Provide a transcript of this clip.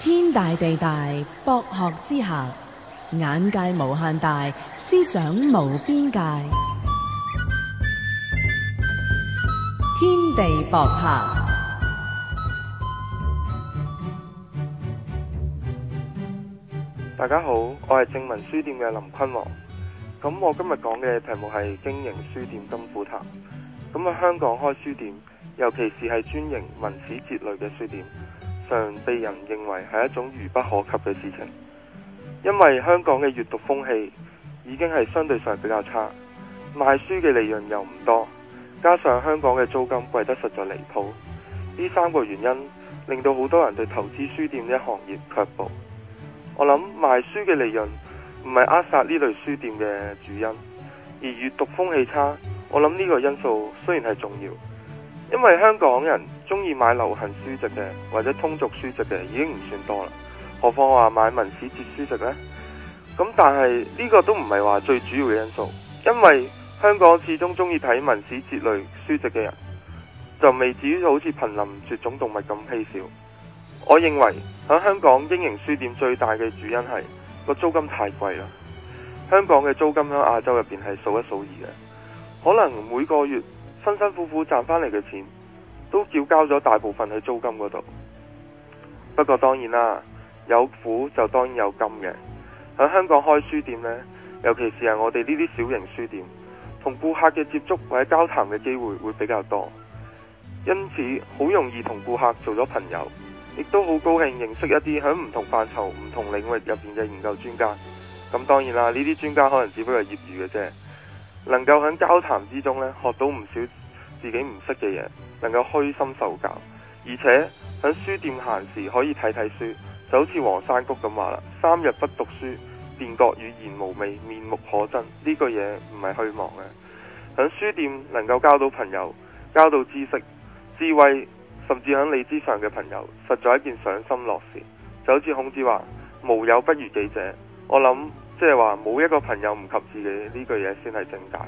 天大地大，博學之下眼界無限大，思想無邊界。天地博客，大家好，我係正文書店嘅林坤王。咁我今日講嘅題目係經營書店甘苦談。咁啊，香港開書店，尤其是係專營文史哲類嘅書店。常被人認為係一種遙不可及嘅事情，因為香港嘅閱讀風氣已經係相對上比較差，賣書嘅利潤又唔多，加上香港嘅租金貴得實在離譜，呢三個原因令到好多人對投資書店呢一行業卻步。我諗賣書嘅利潤唔係扼殺呢類書店嘅主因，而閱讀風氣差，我諗呢個因素雖然係重要，因為香港人。中意買流行書籍嘅或者通俗書籍嘅已經唔算多啦，何況話買文史哲書籍呢？咁但係呢個都唔係話最主要嘅因素，因為香港始終中意睇文史哲類書籍嘅人，就未至於好似瀕臨絕種動物咁稀少。我認為喺香港經營書店最大嘅主因係個租金太貴啦。香港嘅租金喺亞洲入邊係數一數二嘅，可能每個月辛辛苦苦賺翻嚟嘅錢。都照交咗大部分喺租金嗰度，不過當然啦，有苦就當然有甘嘅。喺香港開書店咧，尤其是係我哋呢啲小型書店，同顧客嘅接觸或者交談嘅機會會比較多，因此好容易同顧客做咗朋友，亦都好高興認識一啲響唔同範疇、唔同領域入邊嘅研究專家。咁當然啦，呢啲專家可能只不過係業餘嘅啫，能夠響交談之中咧學到唔少。自己唔識嘅嘢，能夠虛心受教，而且喺書店閒時可以睇睇書，就好似黃山谷咁話啦：三日不讀書，便覺語言無味，面目可憎。呢句嘢唔係虛妄嘅。喺書店能夠交到朋友，交到知識、智慧，甚至喺理智上嘅朋友，實在一件賞心樂事。就好似孔子話：無友不如己者。我諗即係話冇一個朋友唔及自己，呢句嘢先係正解。